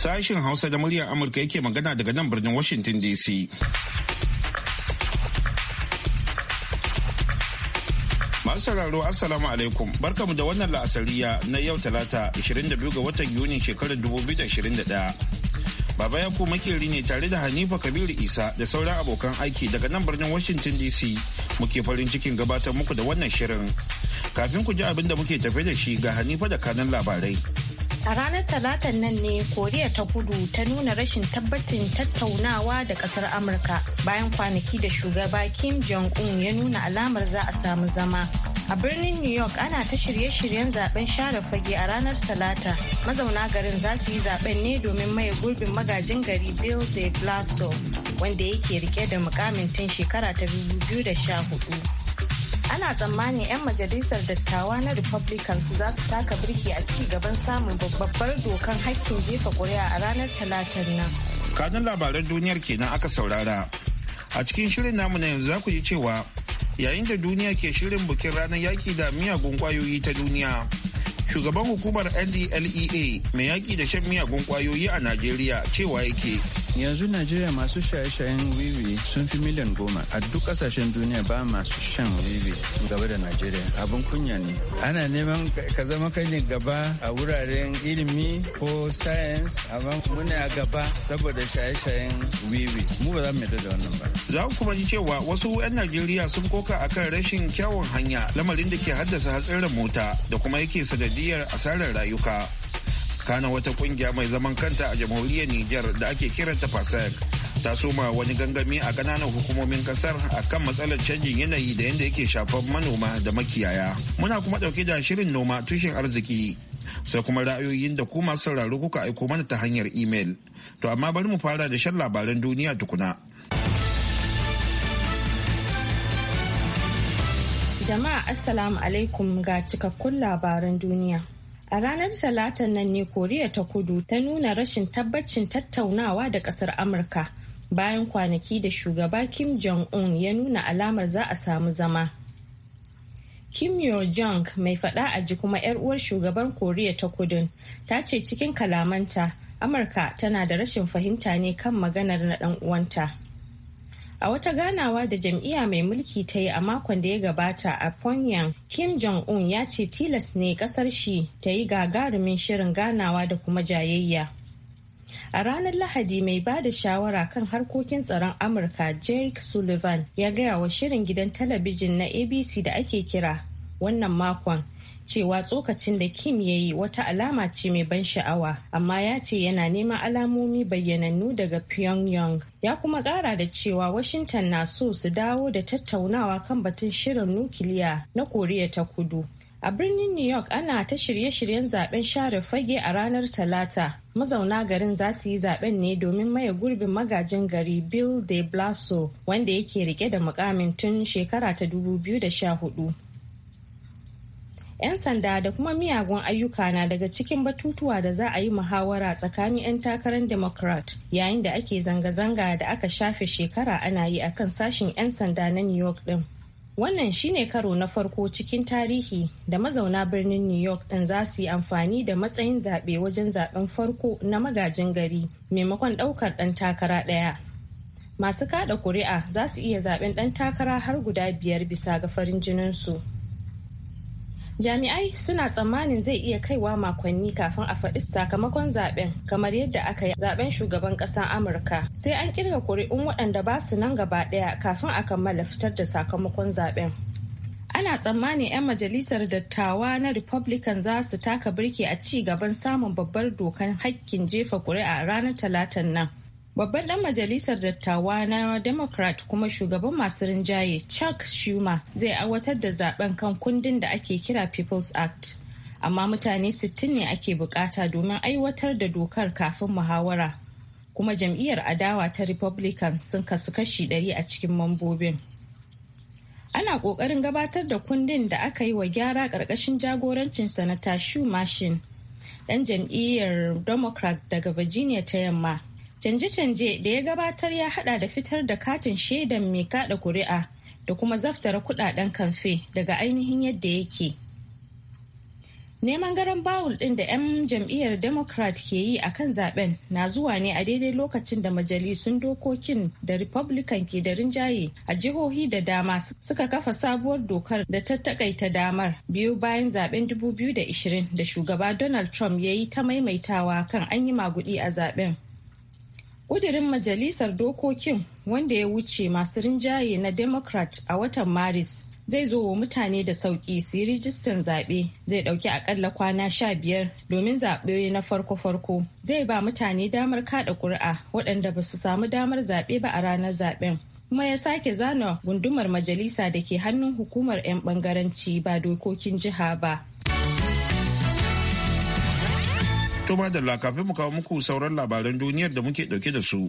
Sashen Hausa da muryar Amurka yake magana daga nan birnin Washington DC. Masu sauraro Assalamu alaikum barkamu da wannan la'asariya na yau talata 22 ga watan Yuni shekarar 2021. Baba ya ku makeri ne tare da Hanifa Kabiru Isa da sauran abokan aiki daga nan birnin Washington DC muke farin cikin gabatar muku da wannan shirin. Kafin ku ji abin da muke tafe da shi ga Hanifa da kanan labarai. A ranar talatan nan ne Koriya ta kudu ta nuna rashin tabbacin tattaunawa da kasar Amurka bayan kwanaki da shugaba Kim Jong-un ya nuna alamar za a samu zama. A birnin New York ana ta shirye-shiryen zaben share fage a ranar talata. Mazauna garin za su yi zaben ne domin maye gurbin magajin gari Bill de Blasso, wanda yake rike da mukamin tun shekara ta 2014. ana tsammanin 'yan majalisar dattawa na republicans za su taka birki a ci gaban samun babbar dokan hakkin jefa kuri'a a ranar talatar nan kanun labaran duniyar kenan aka saurara a cikin shirin namu na yanzu za ku ji cewa yayin da duniya ke shirin bukin ranar yaki da miyagun kwayoyi ta duniya shugaban hukumar ndlea mai yaki da shan miyagun kwayoyi a najeriya cewa yake yanzu najeriya masu shaye-shayen wiwi sun fi miliyan goma a duk kasashen duniya ba masu shan wiwi gaba da najeriya abin kunya ne ana neman ka zama kai gaba a wuraren ilimi ko science amma muna a gaba saboda shaye-shayen wiwi mu ba za mu yarda da wannan ba za ku kuma ji cewa wasu 'yan najeriya sun koka akan rashin kyawun hanya lamarin da ke haddasa hatsarin mota da kuma yake sanadiyar asarar rayuka kana wata kungiya mai zaman kanta a jamhuriyar nijar da ake kiranta fasek ta soma wani gangami a kananan hukumomin kasar a kan matsalar canjin yanayi da yadda yake shafar manoma da makiyaya muna kuma dauke da shirin noma tushen arziki sai kuma ra'ayoyin da kuma sauraro kuka aiko mana ta hanyar imel to amma bari mu fara da shan labaran duniya tukuna jama'a assalamu alaikum ga cikakkun labaran duniya A ranar Talatan nan ne Koriya ta kudu ta nuna rashin tabbacin tattaunawa da kasar Amurka bayan kwanaki da shugaba Kim Jong-un ya nuna alamar za a samu zama. Kim Yo Jong mai fada a ji kuma 'yar uwar shugaban Koriya ta kudun ta ce cikin kalamanta Amurka tana da rashin fahimta ne kan maganar na ɗan uwanta. A wata ganawa da jam'iyya mai mulki ta yi a makon da ya gabata a Pyongyang, Kim Jong-un ya ce tilas ne kasar shi ta yi gagarumin shirin ganawa da kuma jayayya. A ranar Lahadi mai ba da shawara kan harkokin tsaron Amurka Jake Sullivan ya gaya wa shirin gidan talabijin na ABC da ake kira wannan makon cewa tsokacin da Kim ya yi wata alama ce mai ban sha'awa, amma ya ce yana neman alamomi bayyanannu daga Pyongyang. Ya kuma ƙara da cewa Washington na so su dawo da tattaunawa kan batun shirin nukiliya na Koriya ta Kudu. A birnin New York ana ta shirye-shiryen zaben share fage a ranar Talata. Mazauna garin za su yi zaben ne domin maye gurbin magajin gari Bill de Blaso wanda yake rike da mukamin tun shekara ta 2014. 'yan sanda da kuma miyagun ayyuka na daga cikin batutuwa da za a yi muhawara tsakanin 'yan takarar democrat yayin da ake zanga-zanga da aka shafe shekara ana yi akan sashin 'yan sanda na new york din wannan shine karo na farko cikin tarihi da mazauna birnin new york din za su yi amfani da matsayin zaɓe wajen zaɓen farko na magajin gari maimakon ɗaukar ɗan takara ɗaya masu kaɗa kuri'a za su iya zaɓen ɗan takara har guda biyar bisa ga farin jininsu. jami'ai suna tsammanin zai iya kaiwa makonni kafin a faɗi sakamakon zaben kamar yadda aka yi zaben shugaban ƙasar amurka sai an kirga kuri'un waɗanda ba su nan gaba ɗaya kafin a kammala fitar da sakamakon zaben ana tsammanin 'yan majalisar dattawa na republican za su taka birki a ci gaban samun babbar dokan hakkin jefa ƙuri'a ranar talatan nan Babban ɗan majalisar dattawa na Democrat kuma shugaban masu rinjaye Chuck Schumer zai aiwatar da zaben kan kundin da ake kira People's Act. Amma mutane 60 ne ake bukata domin aiwatar da dokar kafin muhawara. Kuma jam'iyyar adawa ta Republican sun kasu kashi 100 a cikin mambobin. Ana ƙoƙarin gabatar da kundin da aka yi wa gyara ƙarƙashin jagorancin Sanata shu- mashin ɗan jam'iyyar Democrat daga Virginia ta yamma. Canje-canje da ya gabatar ya hada da fitar da katin shaidan mai kada kuri'a da kuma zaftara kudaden kamfe daga ainihin yadda yake. Neman garan bawul din da 'yan jam'iyyar Democrat ke yi a kan zaben na zuwa ne a daidai lokacin da majalisun dokokin da Republican ke da rinjaye a jihohi da dama suka kafa sabuwar dokar da ta takaita damar biyu bayan zaben 2020 da shugaba Donald Trump ya yi ta maimaitawa kan an yi magudi a zaben. ƙudurin majalisar dokokin wanda ya wuce masu rinjaye na democrat a watan maris zai zo wa mutane da sauƙi su yi rijistan zaɓe zai ɗauki aƙalla kwana sha biyar domin zaɓe na farko-farko zai ba mutane damar kaɗa ƙuri'a waɗanda ba su samu damar zaɓe ba a ranar zaɓen kuma ya sake zana gundumar majalisa da ke hannun hukumar 'yan ɓangaranci ba dokokin jiha ba To da kafin mu kawo muku sauran labaran duniyar da muke dauke da su.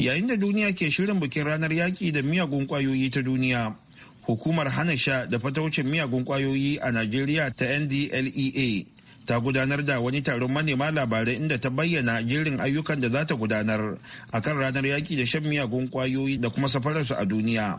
Yayin da duniya ke shirin bikin ranar yaki da miyagun kwayoyi ta duniya, hukumar hana sha da fataucin miyagun kwayoyi a Najeriya ta NDLEA ta gudanar da wani taron manema labarai inda ta bayyana jirin ayyukan da za ta gudanar a kan ranar yaki da shan miyagun kwayoyi da kuma safararsu a duniya.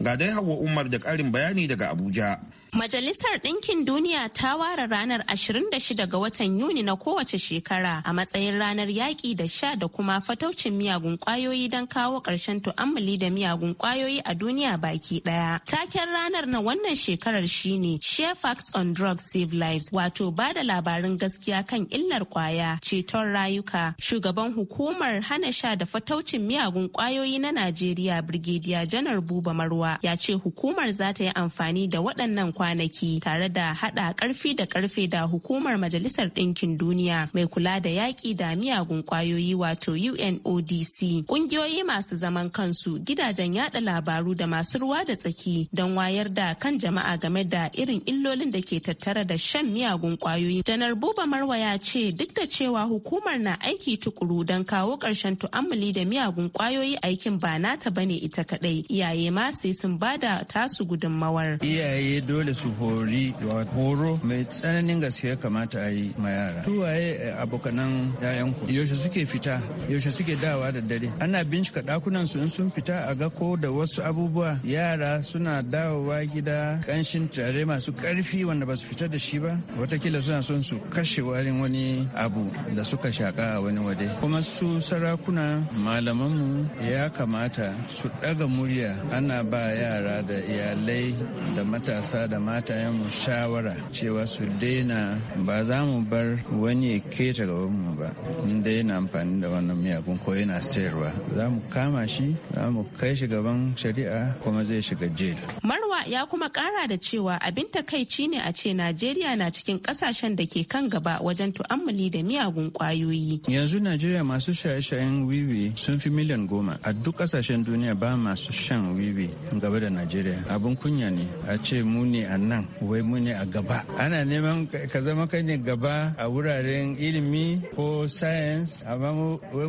Ga dai Hauwa Umar da ƙarin bayani daga Abuja. Majalisar Ɗinkin Duniya ta ware ranar 26 ga watan Yuni na kowace shekara a matsayin ranar yaƙi da sha da kuma fataucin miyagun ƙwayoyi don kawo ƙarshen tu'ammali da miyagun ƙwayoyi a duniya baki ɗaya. Taken ranar na wannan shekarar shine Share Facts on Drugs Save Lives wato ba da labarin gaskiya kan illar ƙwaya, ceton rayuka. Shugaban hukumar hana sha da fataucin miyagun ƙwayoyi na Najeriya Brigadier Janar Buba Marwa ya ce hukumar za ta yi amfani da waɗannan kwanaki tare da hada karfi da karfe da hukumar Majalisar Ɗinkin Duniya mai kula da yaƙi da miyagun kwayoyi wato UNODC. ƙungiyoyi masu zaman kansu, gidajen yada labaru da masu ruwa da tsaki don wayar da kan jama'a game da irin illolin da ke tattare da shan miyagun kwayoyi. Janar Buba Marwa ya ce duk da cewa hukumar na aiki tukuru don kawo ƙarshen tu'ammali da miyagun kwayoyi aikin ba nata bane ita kadai. Iyaye ma sai sun bada tasu gudunmawar. Iyaye dole dole su hori horo mai tsananin gaske kamata a yi ma yara tuwaye eh, abokanan yayan yaushe suke fita yaushe suke dawa da dare ana bincika dakunan su in sun fita a ga ko da wasu abubuwa yara suna dawowa gida kanshin tare masu karfi wanda ba su fita da shi ba watakila suna son su kashe warin wani abu da suka shaka a wani waje kuma su sarakuna mu ya kamata su daga murya ana ba yara da iyalai da matasa da da matayenmu shawara cewa su daina ba za mu bar wani ya keta gabanmu ba in dai yana amfani da wannan miyagun ko yana sayarwa za mu kama shi za mu kai shi gaban shari'a kuma zai shiga jail. marwa ya kuma kara da cewa abin takaici ne a ce najeriya na cikin kasashen da ke kan gaba wajen tu'ammali da miyagun kwayoyi yanzu najeriya masu shaye-shayen wiwi sun fi miliyan goma a duk kasashen duniya ba masu shan wiwi gaba da najeriya abun kunya ne a ce mu ne a nan wai mu ne a gaba ana neman ka zama kai ne gaba a wuraren ilimi ko science amma wai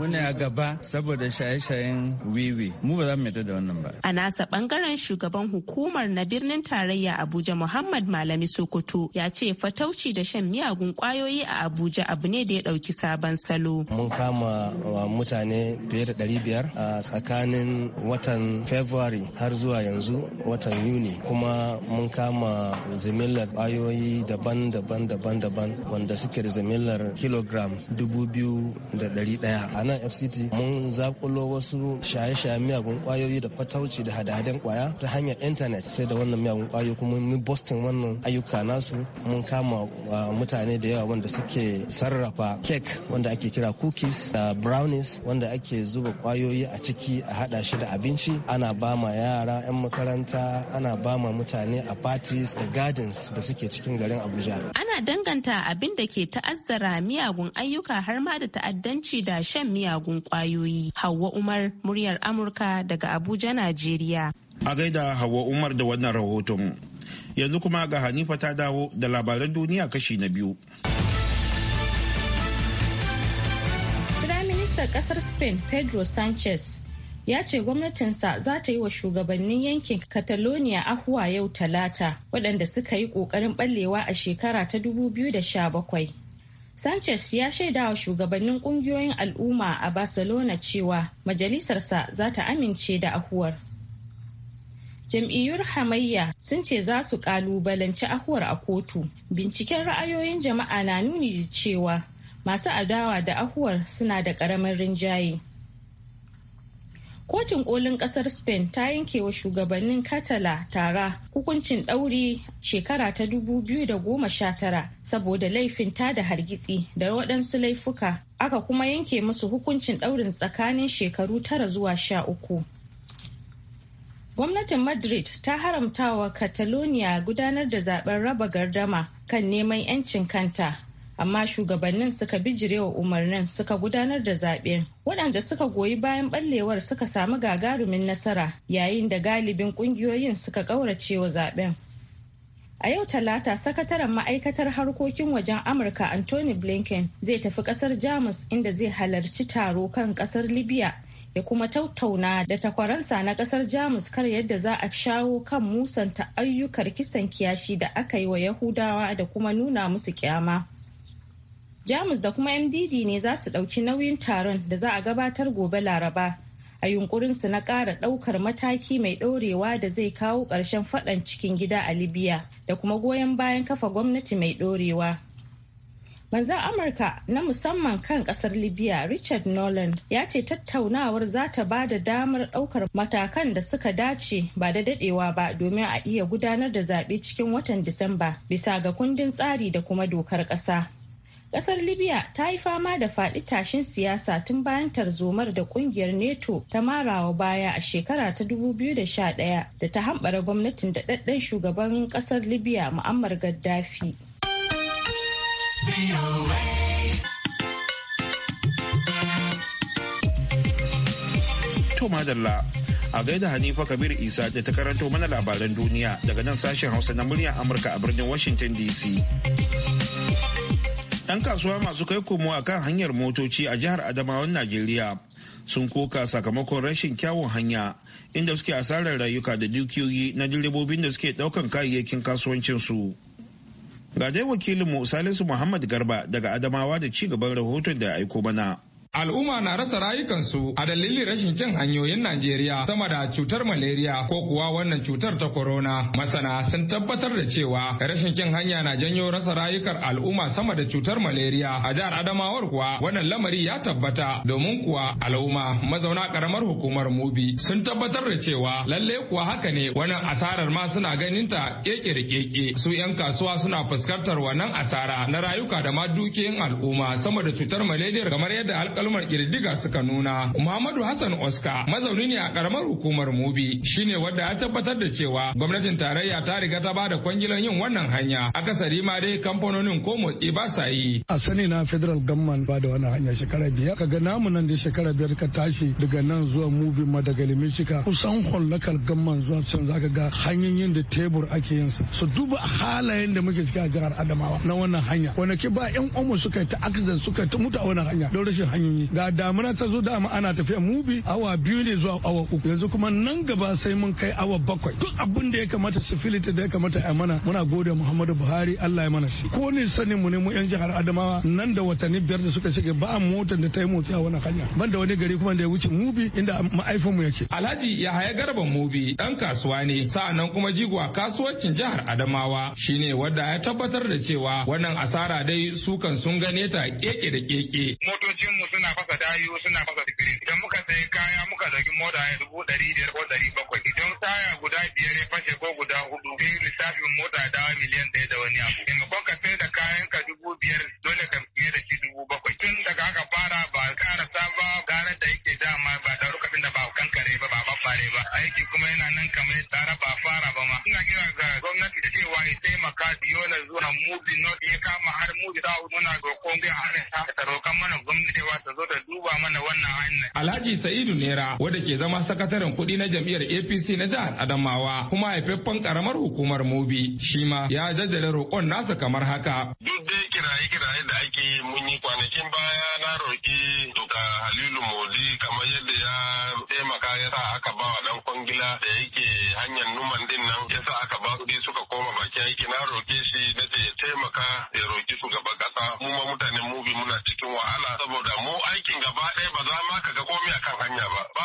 mu ne a gaba saboda shaye-shayen wiwi mu ba za mu yadda da wannan ba a nasa bangaren shugaban hukumar na birnin tarayya abuja muhammad malami sokoto ya ce fatauci da shan miyagun kwayoyi a abuja abu ne da ya dauki sabon salo mun kama mutane fiye da 500 a tsakanin watan february har zuwa yanzu watan yuni kuma mun kama zimillar ayoyi daban-daban daban-daban wanda suke da zimillar kilogram dubu biyu da ɗari ɗaya a nan fct mun zakulo wasu shaye-shaye miyagun kwayoyi da fatauci da hada-hadan kwaya ta hanyar intanet sai da wannan miyagun kwayo kuma mu boston wannan ayyuka nasu mun kama mutane da yawa wanda suke sarrafa cake wanda ake kira cookies da brownies wanda ake zuba kwayoyi a ciki a hada shi da abinci ana ba ma yara 'yan makaranta ana ba ma mutane a parties da gardens da suke cikin garin abuja ana danganta abin da ke ta'azzara miyagun ayyuka har ma da ta'addanci da shan miyagun ƙwayoyi: Hauwa umar muryar amurka daga abuja najeriya a gaida Hauwa umar da wannan rahoton yanzu kuma ga hanifa ta dawo da labaran duniya kashi na biyu Firaministan ƙasar Spain Pedro Sanchez ya ce gwamnatinsa za ta yi wa shugabannin yankin catalonia ahuwa yau talata waɗanda suka yi ƙoƙarin ɓallewa a shekara ta 2017 sanchez ya shaida wa shugabannin ƙungiyoyin al'umma a barcelona cewa majalisarsa za ta amince da ahuwar jam'iyyar hamayya sun ce za su kalubalanci ahuwar a kotu binciken ra'ayoyin jama'a na nuni da cewa masu adawa da ahuwar suna da ƙaramin rinjaye Kotun kolin kasar Spain ta yanke wa shugabannin Katala tara hukuncin ɗauri shekara ta 2019 saboda laifin ta da hargitsi da waɗansu laifuka aka kuma yanke musu hukuncin ɗaurin tsakanin shekaru tara zuwa sha uku. Gwamnatin Madrid ta haramtawa Catalonia gudanar da zaben raba gardama kan neman 'yancin kanta amma shugabannin suka bijirewa umarnin suka gudanar da zaɓe waɗanda suka goyi bayan ɓallewar suka samu gagarumin nasara yayin da galibin ƙungiyoyin suka ƙaurace wa zaɓen a yau talata sakataren ma'aikatar harkokin wajen amurka anthony blinken zai tafi ƙasar jamus inda zai halarci taro kan ƙasar libya ya kuma tattauna da takwaransa na kasar jamus kar yadda za a shawo kan musanta ayyukar kisan kiyashi da aka yi wa yahudawa da kuma nuna musu kyama jamus da kuma mdd ne za su ɗauki nauyin taron da za a gabatar gobe laraba a yunkurinsu na ƙara ɗaukar mataki mai ɗorewa da zai kawo ƙarshen faɗan cikin gida a libya da kuma goyon bayan kafa gwamnati mai ɗorewa manzan amurka na musamman kan ƙasar libya richard nolan ya ce tattaunawar za ta ba da damar ɗaukar matakan da suka dace ba da dadewa ba domin a iya gudanar da zaɓe cikin watan disamba bisa ga kundin tsari da kuma dokar ƙasa Kasar Libya ta yi fama da faɗi tashin siyasa tun bayan tarzomar da kungiyar NATO ta marawa baya a shekara ta 2011 da ta hambara gwamnatin da ɗaɗɗen shugaban kasar Libya Muammar Gaddafi. madalla a gaida Hanifa Kabir Isa da ta karanto mana labaran duniya daga nan sashen Hausa na muryar Amurka a birnin Washington DC. 'yan kasuwa masu kai komo a kan hanyar motoci a jihar adamawan najeriya sun koka sakamakon rashin kyawun hanya inda suke asarar rayuka da dukiyoyi na direbobin da suke daukan kayayyakin kasuwancinsu ga dai wakilinmu salisu muhammad garba daga adamawa da ci gaban rahoton da ya aiko mana Al'umma na rasa rayukansu a dalilin rashin kyan hanyoyin Najeriya sama da cutar malaria ko kuwa wannan cutar ta corona. Masana sun tabbatar da cewa rashin kyan hanya na janyo rasa rayukar al'umma sama da cutar malaria a jihar Adamawar kuwa wannan lamari ya tabbata domin kuwa al'umma mazauna karamar hukumar Mubi sun tabbatar da cewa lalle kuwa haka ne wannan asarar ma suna ganin ta keke su 'yan kasuwa suna fuskantar wannan asara na rayuka da ma dukiyoyin al'umma sama da cutar malaria kamar yadda kalmar kirdiga suka nuna muhammadu hassan oscar mazauni ne a karamar hukumar mubi shine wadda ya tabbatar da cewa gwamnatin tarayya ta riga ta bada kwangilan yin wannan hanya akasari ma dai kamfanonin ko motsi ba sa yi a sani na federal government ba da wannan hanya shekara biyar kaga namu nan da shekara biyar ka tashi daga nan zuwa mubi ma daga limishika kusan local government zuwa can zaka ga hanyoyin da tebur ake yin sa su duba halayen da muke ciki a jihar adamawa na wannan hanya kwanaki ba yan omo suka ta accident suka ta mutu a wannan hanya don rashin hanya sanyi ga damuna ta zo dama ana tafiya mubi awa biyu ne zuwa awa uku yanzu kuma nan gaba sai mun kai awa bakwai duk abin da ya kamata sifiliti da ya kamata a mana muna gode muhammadu buhari allah ya mana shi ko ne sanin mu ne mu yan jihar adamawa nan da watanni biyar da suka shige ba motar da ta yi motsi a wani hanya ban da wani gari kuma da ya wuce mubi inda ma'aifin mu yake alhaji yahaya garban mubi dan kasuwa ne nan kuma jigwa kasuwancin jihar adamawa shine wanda ya tabbatar da cewa wannan asara dai sukan sun gane ta keke da keke motocin mu suna fasa dayu suna fasa digiri idan muka sayi kaya muka zagi mota ya dubu ɗari biyar ko ɗari bakwai idan taya guda biyar ya fashe ko guda hudu sai lissafin mota ya dawo miliyan ɗaya da wani abu Sa'idu Nera wadda ke zama sakataren kuɗi na jam'iyyar APC na jihar Adamawa kuma haifaffen karamar hukumar Mobi shi ma ya jajjale roƙon nasa kamar haka. Duk dai kiraye-kiraye da ake yi mun yi kwanakin baya na roƙi duka Halilu Modi kamar yadda ya taimaka ya sa aka ba wa ɗan kwangila da yake hanyar numan din nan ya sa aka ba su suka koma bakin aiki na roƙe shi na ya taimaka ya roƙi shugaban ƙasa mu ma mutanen Mobi muna cikin wahala saboda mu aikin gaba ɗaya ba za ma ka ga a kan hanya ba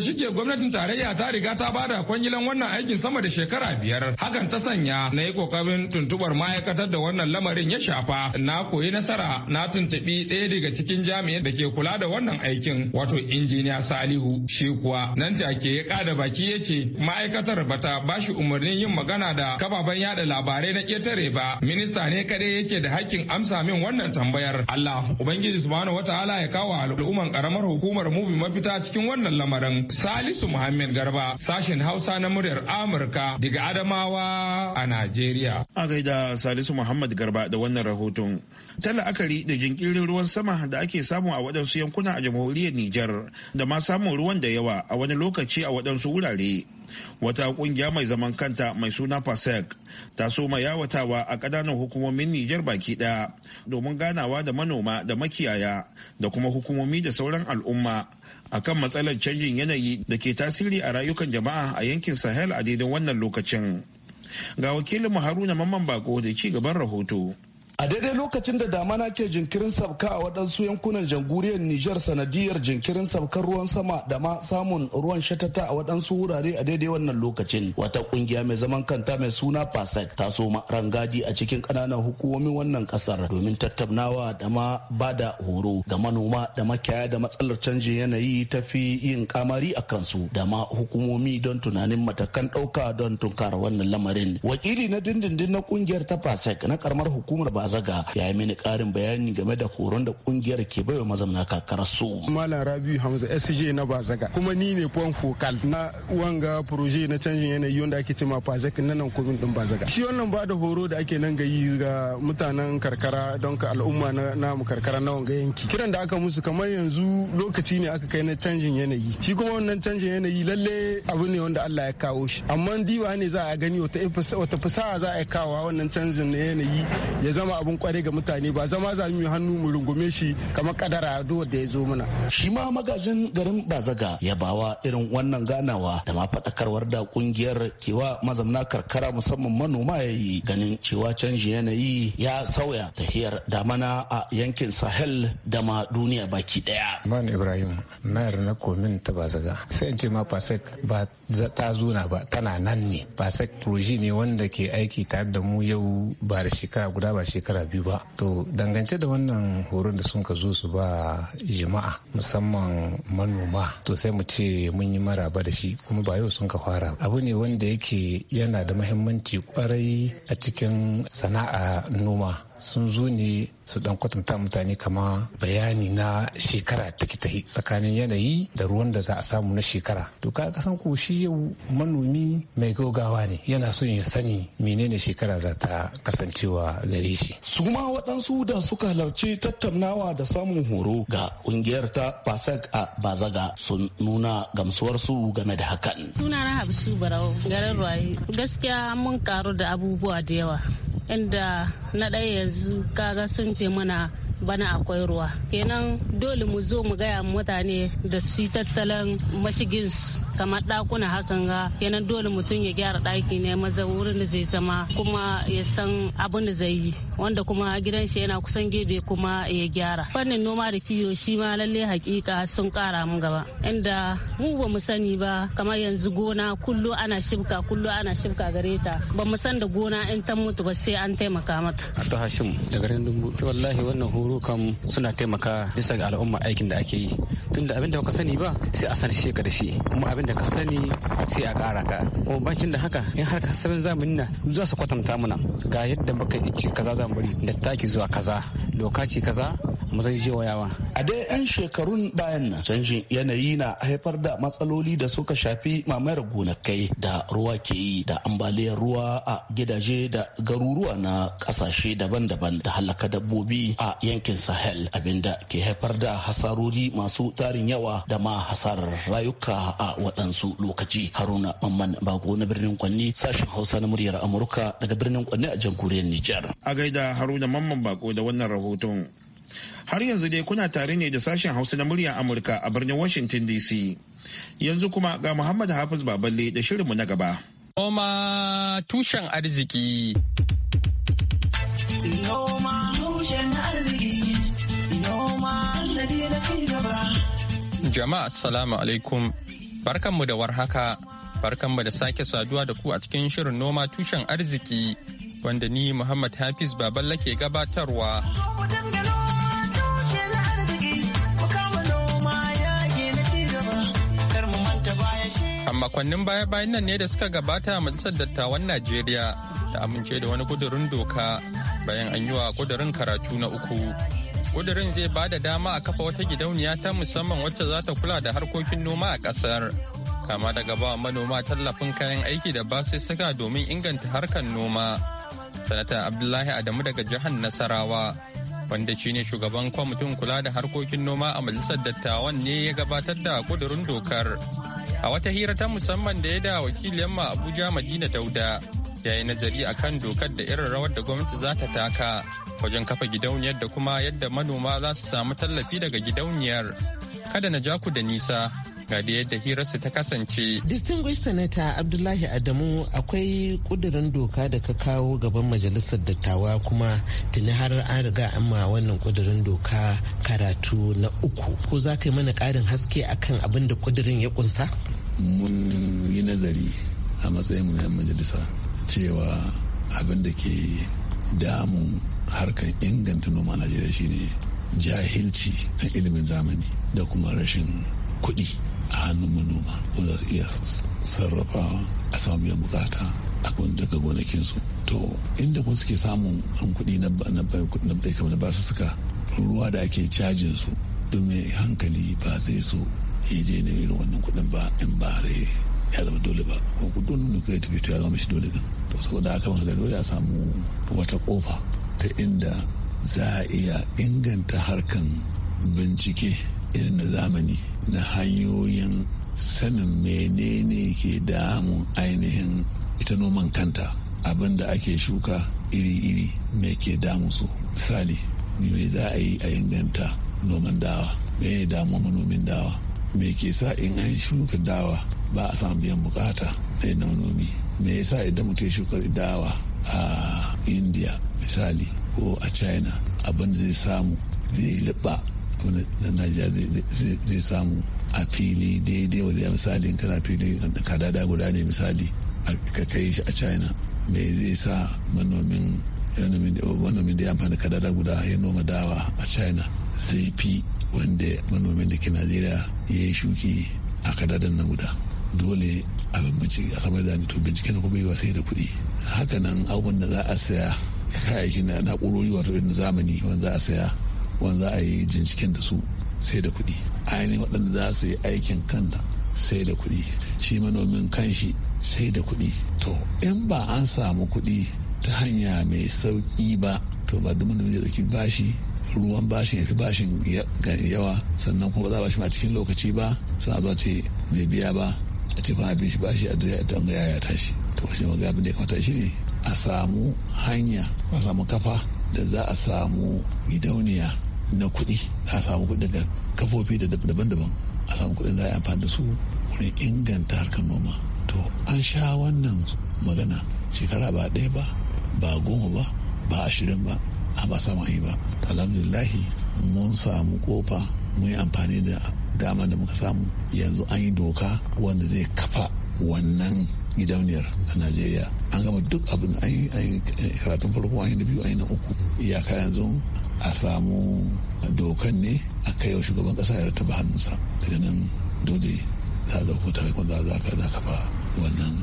da shike gwamnatin tarayya ta riga ta bada kwangilan wannan aikin sama da shekara biyar hakan ta sanya na yi kokarin tuntubar ma'aikatar da wannan lamarin ya shafa na koyi nasara na tuntubi ɗaya daga cikin jami'in da ke kula da wannan aikin wato injiniya salihu shi kuwa nan take ya kada baki ya ce ma'aikatar bata ba shi umarnin yin magana da kababan yada labarai na ƙetare ba minista ne kadai yake da hakkin amsa min wannan tambayar Allah ubangiji subhanahu wataala ya kawo al'umman karamar hukumar mubi mafita cikin wannan lamarin Salisu Muhammad Garba, sashen Hausa na muryar Amurka daga Adamawa a Najeriya. A gaida Salisu Muhammad Garba da wannan rahoton. ta la'akari da jinkirin ruwan sama da ake samu a waɗansu yankuna a jamhuriyar Nijar da ma samun ruwan da yawa a wani lokaci a waɗansu wurare. Wata ƙungiya mai zaman kanta mai suna FASEC ta soma yawatawa a ƙananan hukumomin Nijar baki ɗaya domin ganawa da manoma da makiyaya da kuma hukumomi da sauran al'umma akan matsalar canjin yanayi da ke tasiri a rayukan jama'a a yankin sahel a daidai wannan lokacin ga wakilin haruna mamman bako da ci gaban rahoto a daidai lokacin da damana ke jinkirin sabka a waɗansu yankunan jamhuriyar nijar sanadiyar jinkirin sabkar ruwan sama da ma samun ruwan shatata a waɗansu wurare a daidai wannan lokacin wata kungiya mai zaman kanta mai suna pasek ta so rangaji a cikin ƙananan hukumomin wannan ƙasar domin tattaunawa da ma ba da horo ga manoma da makiyaya da matsalar canjin yanayi ta fi yin kamari a kansu da ma hukumomi don tunanin matakan ɗauka don tunkara wannan lamarin wakili na dindindin na kungiyar ta pasek na ƙaramar hukumar ba Bazaga ya yi mini ƙarin bayani game da horon da kungiyar ke baiwa mazamna karkara su. Malam rabi Hamza SJ na Bazaga kuma ni ne pon focal na wanga proje na canjin yanayi wanda ake cema Fazek na nan kumin din Bazaga. Shi wannan ba da horo da ake nan yi ga mutanen karkara don ka al'umma na namu karkara na wanga yanki. Kiran da aka musu kamar yanzu lokaci ne aka kai na canjin yanayi. Shi kuma wannan canjin yanayi lalle abu ne wanda Allah ya kawo shi. Amma diwa ne za a gani wata fasaha za a kawo wannan canjin yanayi ya zama abun kware ga mutane ba zama za mu hannu mu rungume shi kamar kadara da ya zo mana shi ma magajin garin bazaga ya bawa irin wannan ganawa da ma fadakarwar da kungiyar kewa mazamna karkara musamman manoma ya yi ganin cewa canji yanayi ya sauya ta tahiyar damana a yankin sahel da ma duniya baki daya man ibrahim mayar na komin ta bazaga sai in ce ma pasek ba ta zuna ba tana nan ne pasek proji ne wanda ke aiki tare da mu yau ba da shekara guda ba shekara shekara biyu ba to dangance da wannan horon da sun ka zo su ba jama'a musamman manoma to sai mu ce mun yi maraba da shi kuma ba yau sun ka fara abu ne wanda yake yana da mahimmanci kwarai a cikin sana'a noma sun zo ne su dan kwatanta mutane kama bayani na shekara ta tahi tsakanin yanayi da ruwan da za a samu na shekara to ka kasan ko shi yau manomi mai gogawa ne yana so ya sani menene shekara za ta kasancewa gare shi su ma waɗansu da suka halarci tattaunawa da samun horo ga kungiyar ta pasak a bazaga sun nuna gamsuwarsu game da hakan Suna na habsu barau garin rayu gaskiya mun karu da abubuwa da yawa inda na ɗaya yanzu kaga sun ce mana bana akwai ruwa kenan dole mu zo mu gaya mutane da su tattalin mashigin su kamar ɗakuna hakan ga yanan dole mutum ya gyara ɗaki ne maza wurin da zai zama kuma ya san abin da zai yi wanda kuma gidan shi yana kusan gebe kuma ya gyara fannin noma da kiyo shi ma lalle hakika sun kara mu gaba inda mu ba mu sani ba kamar yanzu gona kullu ana shibka kullu ana shibka gare ta ba mu san da gona in ta mutu ba sai an taimaka mata to hashim daga ran dumbu wallahi wannan horo kam suna taimaka bisa ga al'umma aikin da ake yi tunda abin da baka sani ba sai a san shi ka da shi kuma abin da ka sani sai a ƙara ka ko bakin da haka in har ka sanin zamani na za su kwatanta muna ga yadda muka ice kaza zamu bari da taki zuwa kaza doka ce kaza matsayin cewa ba. A dai 'yan shekarun bayan nan canjin yanayi na haifar da matsaloli da suka shafi mamayar gonakai da ruwa ke yi da ambaliyar ruwa a gidaje da garuruwa na kasashe daban-daban da halaka dabbobi a yankin Sahel abinda ke haifar da hasarori masu tarin yawa da ma hasarar rayuka a waɗansu lokaci. Haruna Mamman Bago na birnin Kwanni sashen Hausa na muryar Amurka daga birnin Kwanni a jamhuriyar Nijar. A gaida Haruna Mamman Bako da wannan rahoton. Har yanzu dai kuna tare ne da sashen Hausa na murya Amurka a birnin Washington DC. Yanzu kuma ga Muhammad Hafiz Baballe da shirinmu na gaba. Noma tushen arziki. Noma tushen arziki. Noma sannadi na Jama'a assalamu alaikum. Barkanmu da warhaka. Barkanmu da sake saduwa da ku a cikin shirin noma tushen arziki wanda ni Muhammad Hafiz Baballe ke gabatarwa. makonnin baya-bayan nan ne da suka gabata a majalisar dattawan najeriya da amince da wani kudurin doka bayan an yi wa kudurin karatu na uku kudurin zai ba da dama a kafa wata gidauniya ta musamman wacce za ta kula da harkokin noma a kasar kama daga ba manoma tallafin kayan aiki da basussuka domin inganta harkar noma sanata abdullahi adamu daga jihar nasarawa wanda shi ne shugaban kwamitin kula da harkokin noma a majalisar dattawan ne ya gabatar da kudurin dokar A wata hira ta musamman da ya da wakilin ma Abuja Madina Dauda ya nazari akan dokar da irin rawar da gwamnati za ta taka wajen kafa gidauniyar da kuma yadda manoma za su samu tallafi daga gidauniyar. Kada na ja ku da nisa ga da yadda su ta kasance. Distinguished Senator Abdullahi Adamu akwai kudirin doka da ka kawo gaban majalisar dattawa kuma tuni har an riga an ma wannan kudirin doka karatu na uku. Ko za ka yi mana ƙarin haske akan abin da kudirin ya kunsa? mun yi nazari a matsayin na majalisa cewa abin da ke damun harkar inganta noma najeriya shine jahilci a ilimin zamani da kuma rashin kuɗi a hannun manoma ko za su iya sarrafawa a samu biyan bukata a daga gonakinsu to inda kuma suke samun an kuɗi na kamar ba suka ruwa da ake cajin su don mai hankali ba zai so ya je ne irin wannan kuɗin ba in ba rai ya zama dole ba ko kudin da kai tafi ya zama shi dole din to saboda haka maka dole ya samu wata kofa ta inda za a iya inganta harkan bincike irin na zamani na hanyoyin sanin menene ke damun ainihin ita noman kanta abin da ake shuka iri-iri me ke damun su misali me za a yi a inganta noman dawa me ya damu manomin dawa me ke sa in an shuka dawa ba a samu biyan bukata na nomi me yasa idan mutum ya shuka dawa a india misali ko a china abin zai samu zai liba na najeriya zai samu a fili daidai wajen misali in kana fili ka dada guda ne misali ka kai shi a china me zai sa manomin manomin da ya amfani kadada guda ya noma dawa a china zai fi wanda manomin da ke najeriya ya yi shuki a kadadan na guda dole a bambance a samar da to binciken kuma yi sai da kuɗi hakanan abubuwan da za a saya kayayyakin na na'urori wato irin zamani wanda za a saya wanda za a yi binciken da su sai da kuɗi ainihin waɗanda za su yi aikin kan sai da kuɗi shi manomin kanshi sai da kuɗi to in ba an samu kuɗi ta hanya mai sauƙi ba to ba duk manomin da bashi ruwan bashin ya fi bashin yawa sannan kuma ba za a bashi ma cikin lokaci ba suna zuwa ce bai biya ba a ce kwana biyu shi bashi a duniya don ga yaya tashi to shi ma gabin da ya kamata shi ne a samu hanya a samu kafa da za a samu gidauniya na kuɗi a samu kuɗi daga kafofi da daban-daban a samu kuɗin za a yi amfani da su wurin inganta harkar noma to an sha wannan magana shekara ba ɗaya ba ba goma ba ba ashirin ba a ba samu yi ba alhamdulillahi mun samu kofa mun yi amfani da dama da muka samu yanzu an yi doka wanda zai kafa wannan gidauniyar a najeriya an gama duk abin an yi eh, karatun farko an yi na biyu an yi na uku iyaka yanzu a samu dokan ne a kai wa shugaban kasa ya rataba hannunsa daga nan dole za a dauko ta kuma za a kafa wannan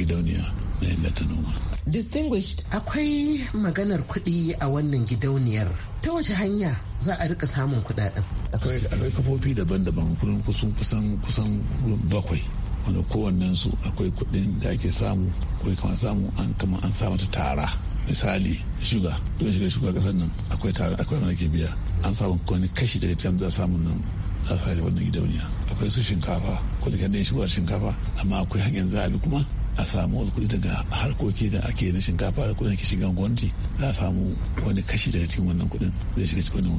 gidauniya noma. Distinguished akwai maganar kuɗi a wannan gidauniyar ta wace hanya za a rika samun kuɗaɗen? Akwai kafofi daban-daban kudin kusan kusan kusan bakwai wanda kowannen su akwai kuɗin da ake samu ko kama samu an kama an samu ta tara misali shuga don shiga shuga kasar nan akwai tara akwai wanda ke biya an samu wani kashi daga can za a samu nan za a fara wannan gidauniya akwai su shinkafa ko da kan shuga shinkafa amma akwai hanyar za a bi kuma a samu wasu kuɗi daga harkoki da ake na shinkafa da kudin ke shigan gwamnati za a samu wani kashi daga cikin wannan kuɗin zai shiga cikin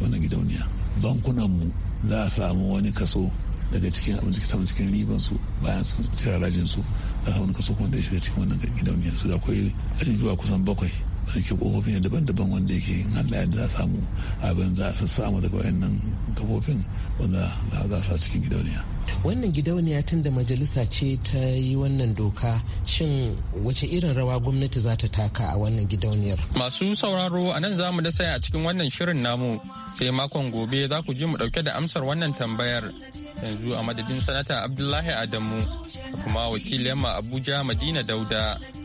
wannan gidauniya bankunanmu za a samu wani kaso daga cikin abin da samun cikin riban su bayan sun cire rajin su za a samu wani kaso kuma zai shiga cikin wannan gidauniya su da akwai ajujuwa kusan bakwai yake kofofi ne daban-daban wanda yake in Allah yadda za samu abin za su samu daga wayannan kafofin wanda za su cikin gidauniya. Wannan gidauniya tun da majalisa ce ta yi wannan doka shin wace irin rawa gwamnati za ta taka a wannan gidauniyar? Masu sauraro a nan za mu da a cikin wannan shirin namu sai makon gobe za ku ji mu ɗauke da amsar wannan tambayar yanzu a madadin sanata Abdullahi Adamu da kuma wakiliyar Abuja Madina Dauda.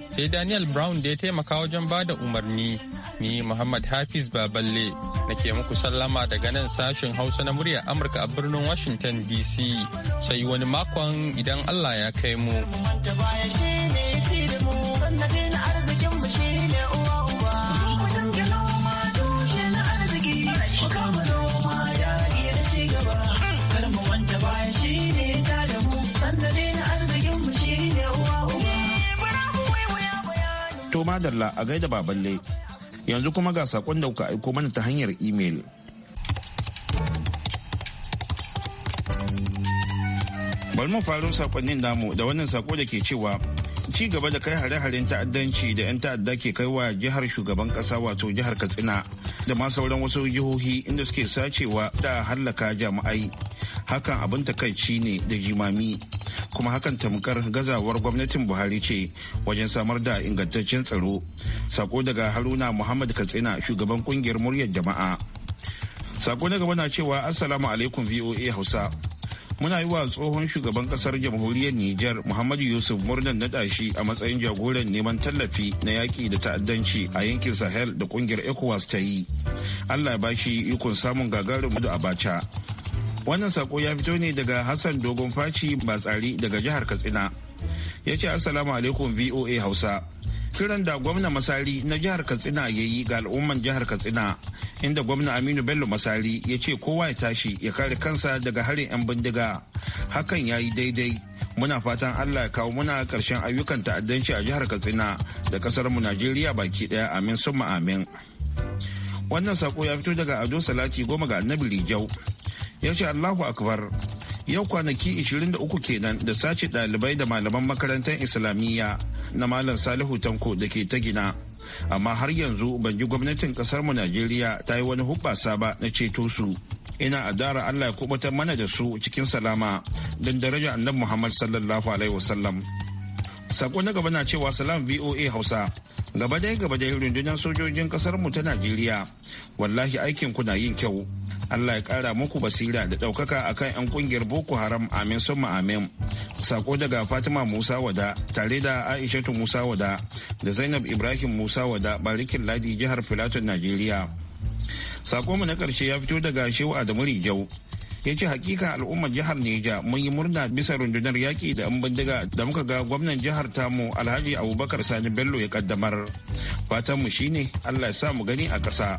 sai Daniel Brown da ya taimaka wajen ba da umarni. Ni Muhammad Hafiz Baballe nake muku sallama daga nan sashen Hausa na muryar Amurka a birnin Washington DC sai wani makon idan Allah ya kai mu. madalla a gaida baballe. Yanzu kuma ga sakon da kuka aiko mana ta hanyar imel. Bari mu faro sakonnin namu da wannan sako da ke cewa ci gaba da kai hare-haren ta'addanci da 'yan ta'adda ke kai wa jihar shugaban kasa wato jihar katsina da ma sauran wasu jihohi inda suke sacewa da hallaka jami'ai hakan abin takaici ne da jimami kuma hakan tamkar gazawar gwamnatin buhari ce wajen samar da ingantaccen tsaro sako daga haruna muhammad katsina shugaban kungiyar muryar jama'a sako na gaba na cewa assalamu alaikum voa hausa muna yi wa tsohon shugaban kasar jamhuriyar Nijar Muhammadu Yusuf murnan nada shi a matsayin jagoran neman tallafi na yaƙi da ta'addanci a yankin Sahel da kungiyar ECOWAS ta yi. Allah ya bashi ikon samun gagarin da abacha Wannan sako ya fito ne daga Hassan Dogon Faci Batsari daga jihar Katsina. Ya ce Assalamu alaikum VOA Hausa. Kiran da gwamna Masari na jihar Katsina ya yi ga al'umman jihar Katsina, inda gwamna Aminu Bello Masari ya ce kowa ya tashi ya kare kansa daga harin 'yan bindiga. Hakan ya yi daidai. Muna fatan Allah ya kawo muna karshen ayyukan ta'addanci a jihar Katsina da mu Najeriya baki ɗaya amin summa amin. Wannan sako ya fito daga Ado Salati goma ga Annabi Rijau. ya ce allahu akbar yau kwanaki 23 kenan da sace dalibai da malaman makarantar islamiyya na malam salihu tanko da ke ta gina amma har yanzu ban ji gwamnatin kasar mu najeriya ta yi wani hubbasa ba na ceto su ina adara allah ya kubutar mana da su cikin salama don daraja annabi muhammad sallallahu alaihi wasallam sako na gaba na cewa salam voa hausa gaba dai gaba dai rundunar sojojin kasar mu ta najeriya wallahi aikin ku na yin kyau allah ya kara muku basira da daukaka akan yan kungiyar boko haram amin summa amin sako daga fatima musa wada tare da aishatu musa wada da zainab ibrahim musa wada barikin ladi jihar filatin najeriya sako mu na karshe ya fito daga shehu adamu rijau ya ce hakika al'ummar jihar neja mun yi murna bisa rundunar yaƙi da an bindiga da muka ga gwamnan jihar tamu alhaji abubakar sani bello ya kaddamar fatanmu shine allah ya sa mu gani a ƙasa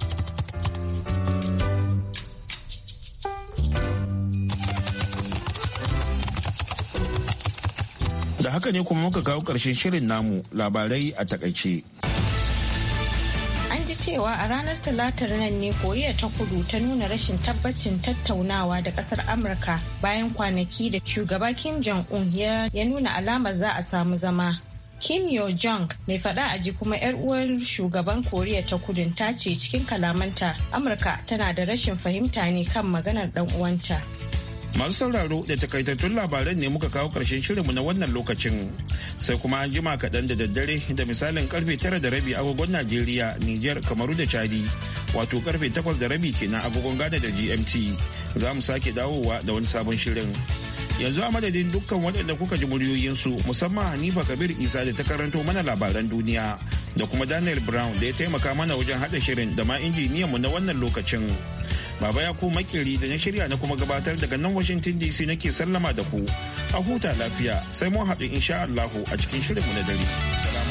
da haka ne kuma muka kawo ƙarshen shirin namu labarai a takaice cewa a ranar talatar nan ne koriya ta kudu ta nuna rashin tabbacin tattaunawa da kasar amurka bayan kwanaki da shugaba kim jong-un ya nuna alamar za a samu zama kim yo jong mai fada a ji kuma yar uwar shugaban koriya ta kudu ta ce cikin kalamanta amurka tana da rashin fahimta ne kan maganar dan uwanta Masu sauraro da takaitattun labaran ne muka kawo ƙarshen shirinmu na wannan lokacin. Sai kuma an jima kaɗan da daddare da misalin karfe tara da rabi agogon Najeriya, niger Kamaru da Chadi. Wato karfe takwas da rabi kenan agogon Ghana da GMT. Za mu sake dawowa da wani sabon shirin. Yanzu a madadin dukkan waɗanda kuka ji muryoyinsu musamman Hanifa Kabir Isa da ta karanto mana labaran duniya da kuma Daniel Brown da ya taimaka mana wajen haɗa shirin da ma injiniyanmu na wannan lokacin. Baba ya ku makiri da na shirya na kuma gabatar daga nan Washington DC nake sallama da ku. A huta lafiya sai mun haɗu insha Allahu a cikin shirinmu na dare. Salam.